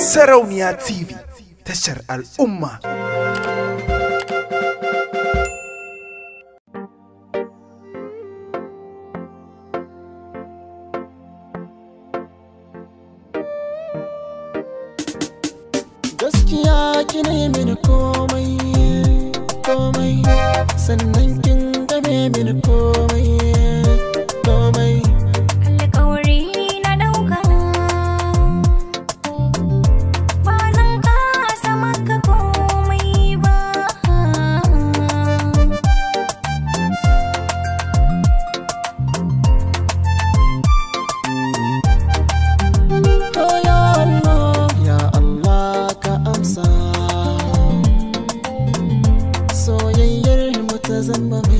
Sarauniya TV tashar al'umma. Gaskiya kina mini komai, komai sannan cause I'm a